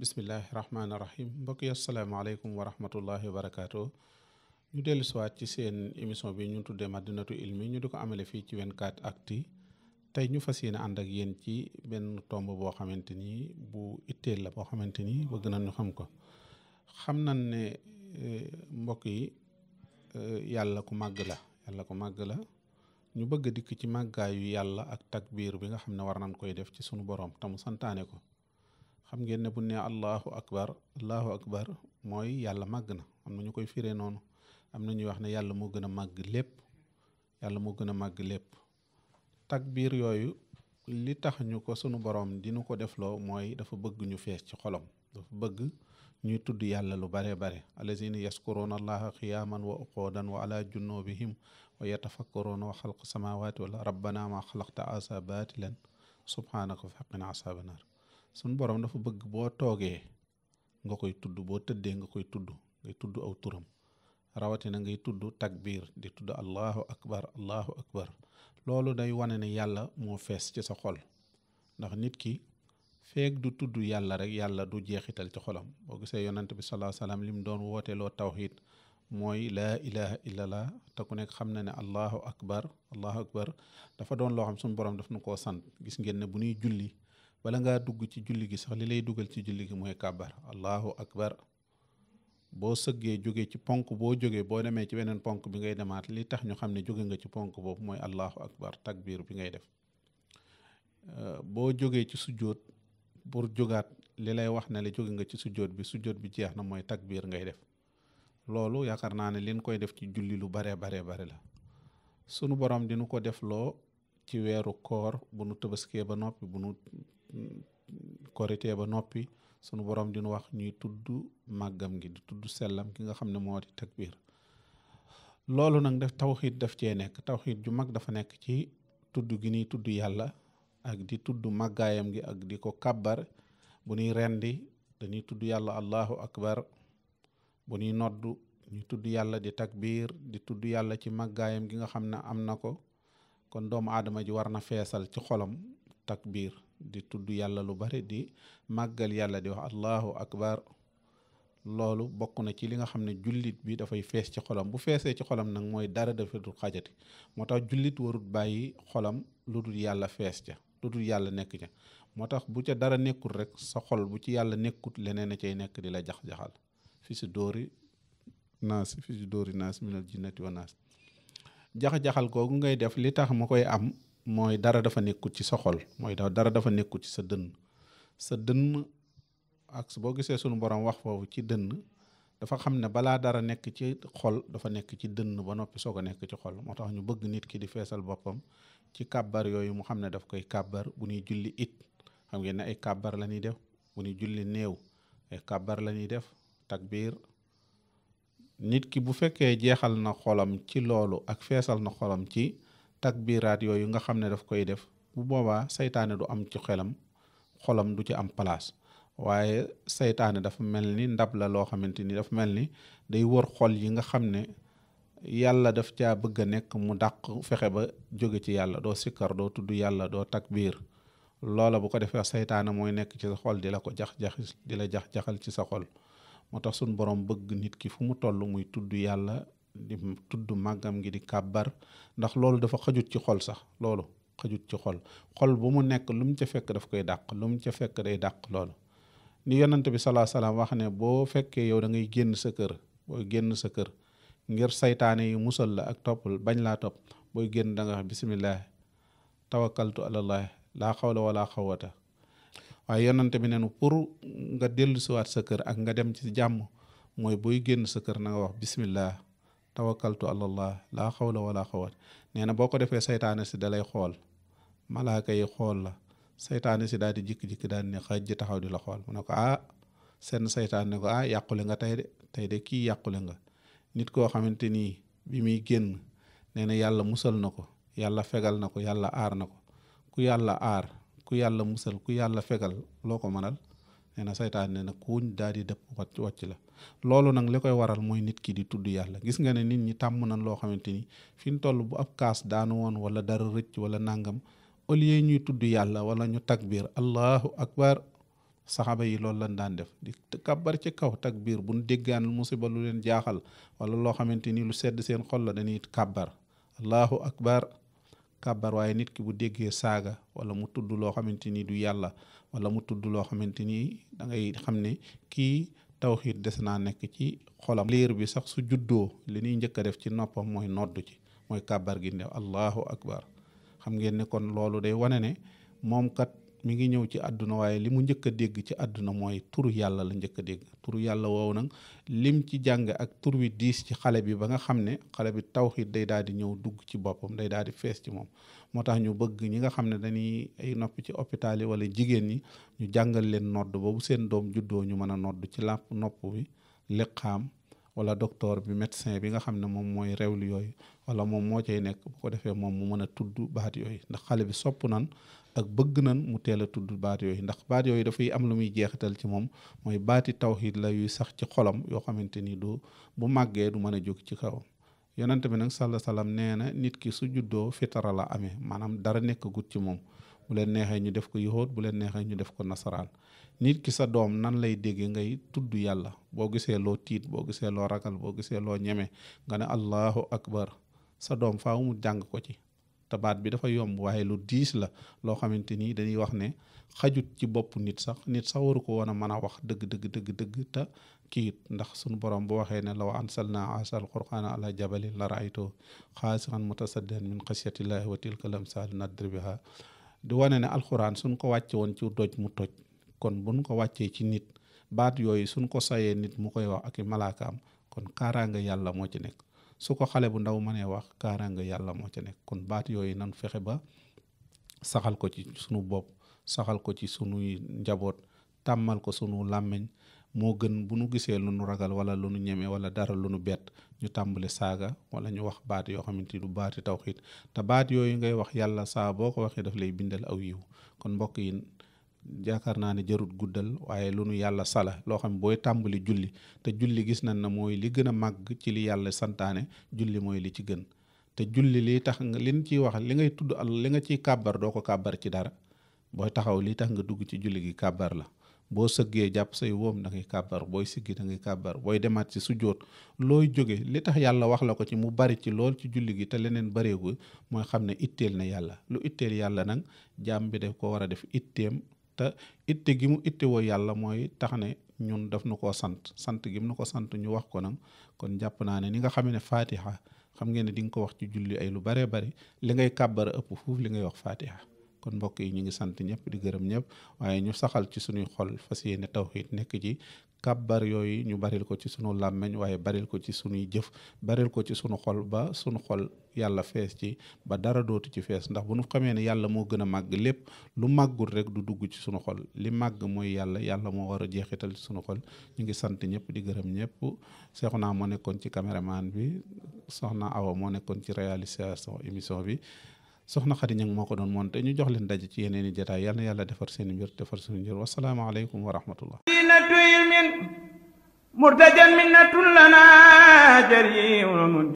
bismillaahi rahmaani rahiim mbokk yi asalaamaaleykum wa rahmatullaahi wa ñu dellu siwaat ci seen émission bi ñu tuddee madinatu ilmi ñu di ko amale fii ci 24 actu tey ñu fas yéene ànd ak yéen ci benn tomb boo xamante ni bu itteel la boo xamante ni bëgg na ñu xam ko xam nañ ne eh, mbokk yi eh, yàlla ku màgg la yàlla ko màgg la ñu bëgg a dikk ci màggaayu yàlla ak takbiir bi nga xam ne war nañ koy def ci sunu borom te mu santaane ko xam ngeen ne bu ne allahu akbar allahu akbar mooy yàlla màgg na am na ñu koy firee noonu am na ñuy wax ne yàlla moo gën a màgg lépp moo gën a màgg lépp takbiir yooyu li tax ñu ko sunu borom dinu ko defloo mooy dafa bëgg ñu fees ci xolom dafa bëgg ñuy tudd yàlla lu bare bare alazina yaskuruuna allaha qiyaaman wa uqoodan wa ala junnubihim wa yatafakkaruuna wa xalqu samaawaati wala rabbana ma xalaqta asa baatilan subhaanaka fa xaqina asaaba naar suñ borom dafa bëgg boo toogee nga koy tudd boo tëddee nga koy tudd ngay tudd aw turam rawatina ngay tudd takbiir di tudd allahu akbar allahu akbar loolu day wane ne yàlla moo fees ci sa xol ndax nit ki feek du tudd yàlla rek yàlla du jeexital ci xolam boo gisee yonent bi salaa salaam lim doon wooteeloo tawxiid mooy la ilaha illallah te ku nekk xam na ne allahu akbar allahu akbar dafa doon loo xam suñu borom daf nu ko sant gis ngeen ne bu nuy julli wala ngaa dugg ci julli gi sax li lay dugal ci julli gi mooy kàbbar allahu akbar boo sëggee jógee ci ponk boo jógee boo demee ci beneen ponk bi ngay demaat li tax ñu xam ne jóge nga ci ponk boobu mooy allahu akbar takbir bi ngay def euh, boo jógee ci sujjóot pour jógaat li lay wax ne la jóge nga ci sujjóot bi sujjóot bi jeex na mooy takbir ngay def loolu yaakaar naa ne liñ koy def ci julli lu baree baree bare la sunu borom dinu ko def loo ci weeru koor bu nu tëbaskee ba noppi bu nu koritee ba noppi sunu borom dinu wax ñuy tudd màggam gi di tudd sellam ki nga xam ne moo di takbiir loolu nag def tawxiit daf cee nekk tawxiit ju mag dafa nekk ci tudd gi ñuy tudd yàlla ak di tudd màggaayam gi ak di ko kàbbar bu ñuy rendi dañuy tudd yàlla allahu akbar bu ñuy noddu ñu tudd yàlla di takbiir di tudd yàlla ci màggaayam gi nga xam ne am na ko kon doomu aadama ji war na feesal ci xolam takbiir di tudd yàlla lu bari di màggal yàlla di wax allahu akbar loolu bokk na ci li nga xam ne jullit bi dafay fees ci xolom bu feesee ci xolam nag mooy dara dafetul xajati moo tax jullit warut bàyyi xolam lu dul yàlla fees ca lu dul yàlla nekk ca moo tax bu ca dara nekkul rek sa xol bu ci yàlla nekkut leneen a cay nekk di la jax-jaxal fisi dóori naas fisi dóori naas minal jinnati wa naas jaxa googu ngay def li tax ma koy am mooy dara dafa nekkul ci sa xol mooy dara dafa nekkul ci sa dënn sa dënn ak boo gisee sunu borom wax foofu ci dënn dafa xam ne balaa dara nekk ci xol dafa nekk ci dënn ba noppi soog a nekk ci xol moo tax ñu bëgg nit ki di feesal boppam ci kàbbar yooyu mu xam ne daf koy kabar bu nuy julli it xam ngeen ne ay kabar la ñuy def bu ñuy julli néew ay kàbbar la ñuy def takbiir nit ki bu fekkee jeexal na xolam ci loolu ak feesal na xolam ci takbiraat yooyu nga xam ne daf koy def bu boobaa seytaane du am ci xelam xolam du ci am place waaye saytaane dafa mel ni ndab la loo xamante ni dafa mel ni day wër xol yi nga xam ne yàlla daf caa bëgg a nekk mu dàq fexe ba jóge ci yàlla doo sikkar doo tudd yàlla doo takbiir loola bu ko defee seytaane mooy nekk ci sa xol di la ko jax di la jax jaxal ci sa xol moo tax sunu boroom bëgg nit ki fu mu toll muy tudd yàlla di tudd màggam ngi di kàbbar ndax loolu dafa xajut ci xol sax loolu xajut ci xol xol bu mu nekk lu mu ca fekk daf koy dàq lu mu ca fekk day dàq loolu ni yonante bi salaa salaam wax ne boo fekkee yow dangay génn sa kër booy génn sa kër ngir seytaane yi musal la ak toppal bañ laa topp booy génn da nga wax bisimilah tawakkaltu xaw laa xawla wala xawata waaye yonante bi neen pour nga dellu siwaat sa kër ak nga dem ci jàmm mooy booy génn sa kër na nga wax bismillah tawakkaltu alallah laa xawla wala xawat nee na boo ko defee saytaane si dalay xool malaaka yi xool la saytaane si daal di jikki-jikki daal ne xaj ji taxaw di la xool mu ne ko ah seen saytaan ne ko ah yàqule nga tey de tey de kii yàqule nga nit koo xamante nii bi muy génn nee na yàlla musal na ko yàlla fegal na ko yàlla aar na ko ku yàlla aar ku yàlla musal ku yàlla fegal loo ko mënal nee na saytaan ne nag kuñ daal di dëpp wàcc wàcc la loolu nag li koy waral mooy nit kii di tudd yàlla gis nga ne nit ñi tàmm nañ loo xamante ni fi ñu toll bu ab kaas daanu woon wala dara rëcc wala nàngam au lieu ñuy tudd yàlla wala ñu takbir allahu akbar saxaaba yi loolu lañ daan def di kàbbar ci kaw takbir buñ déggaan musiba lu leen jaaxal wala loo xamante ni lu sedd seen la dañuy kàbbar allahu akbar kàbbar waaye nit ki bu déggee saaga wala mu tudd loo xamante ni du yàlla wala mu tudd loo xamante ni da xam ne kii tawxiid des naa nekk ci xolam liir bi sax su juddoo li ñuy njëkk def ci noppam mooy noddu ci mooy kàbbar gi ne allahu akbar xam ngeen ne kon loolu day wane ne moom kat mu ngi ñëw ci àdduna waaye li mu njëkk a dégg ci àdduna mooy turu yàlla la njëkk a dégg turu yàlla woow nag lim ci jàng ak tur wi diis ci xale bi ba nga xam ne xale bi tawxiid day daal di ñëw dugg ci boppam day daal di fees ci moom moo tax ñu bëgg ñi nga xam ne dañuy ay noppi ci hôpital yi wala jigéen ñi ñu jàngal leen nodd boobu seen doom juddoo ñu mën a nodd ci làpp nopp bi liqaam wala docteur bi médecin bi nga xam ne moom mooy rewlu yooyu wala moom moo cay nekk bu ko defee moom mu mën a tudd baat yooyu ndax xale bi sopp nan ak bëgg nan mu teel a tudd baat yooyu ndax baat yooyu dafay am lu muy jeexital ci moom mooy baati tawxiid la yuy sax ci xolom yoo xamante ni du bu màggee du mën a jóg ci kawam yonent bi nag sàlla salaam nee na nit ki su juddoo fitara la amee maanaam dara nekk gut ci moom bu leen neexee ñu def ko yahud bu leen neexee ñu def ko nasaraan nit ki sa doom nan lay déggee ngay tudd yàlla boo gisee loo tiit boo gisee loo ragal boo gisee loo ñeme nga ne allahu akbar sa doom faaw mu jàng ko ci te baat bi dafa yomb waaye lu diis la loo xamante nii dañuy wax ne xajut ci bopp nit sax nit sax waru ko woon a mën a wax dëgg dëgg dëgg dëgg te kiit ndax sunu borom bu waxee ne law ansalna asal qur'ana ala jabalin la raayto xaasiran mutasaddian min xasiyatillahi wa tilka lamsal nadribiha di wane ne alxuraan suñ ko wàccee woon ci doj mu toj kon buñ ko wàccee ci nit baat yooyu suñ ko sayee nit mu koy wax ak i malaakaam kon kaaraanga yàlla moo ci nekk su ko xale bu ndaw mënee wax kaaraanga yàlla moo ci nekk kon baat yooyu nan fexe ba saxal ko ci sunu bopp saxal ko ci sunuy njaboot tàmmal ko sunu làmmiñ moo gën bu nu gisee lu nu ragal wala lu nu ñeme wala dara lu nu bett ñu tàmbali saaga wala ñu wax baat yoo xamante ni du baati tawxiit te baat yooyu ngay wax yàlla saa boo ko waxee daf lay bindal aw yiw kon mbokk yi yaakaar naa ne jarut guddal waaye lu nu yàlla sala loo xam booy tàmbali julli julli gis nañ na mooy li gën a màgg ci li yàlla santaane julli mooy li ci gën te julli li tax nga li ciy wax li ngay tudd al li nga ciy kàbbar doo ko kàbbar ci dara booy taxaw li tax nga dugg ci julli gi kàbbar la boo sëggee jàpp say woom da ngay kàbbar booy siggi da ngay kàbbar booy demaat ci sujjóot looy jóge li tax yàlla wax la ko ci mu bari ci lool ci julli gi te leneen bareegul mooy xam ne itteel na yàlla lu itteel yàlla nan jaam bi daf ko war a def itteem te itte gi mu itte woo yàlla mooy tax ne ñun daf nu ko sant sant gi mu nu ko sant ñu wax ko nag kon jàpp naa ne ni nga xam ne faatiha xam ngeen ne di nga ko wax ci julli ay lu baree bari li ngay kàbbara ëpp fuuf li ngay wax faatiha kon mbokk yi ñu ngi sant ñëpp di gërëm ñëpp waaye ñu saxal ci suñuy xol fas yéene tawxiit nekk ci kàbbar yooyu ñu baril ko ci sunu làmmeñ waaye baril ko ci sunuy jëf baril ko ci sunu xol ba sunu xol yàlla fees ci ba dara dootu ci fees ndax bu nu xamee ne yàlla moo gën a màgg lépp lu màggul rek du dugg ci sunu xol li màgg mooy yàlla yàlla moo war a jeexital ci sunu xol ñu ngi sant ñëpp di gërëm ñëpp seexu naa moo nekkoon ci caméraman bi soxna Awa moo nekkoon ci réalisation émission bi soxna Xadi Ñaŋ moo ko doon moonte ñu jox leen daje ci yeneen i jotaay yal yàlla defar seen mbir defar suñu mbir wasalaamaaleykum wa rahmatullah murtajan minnatun lana jariun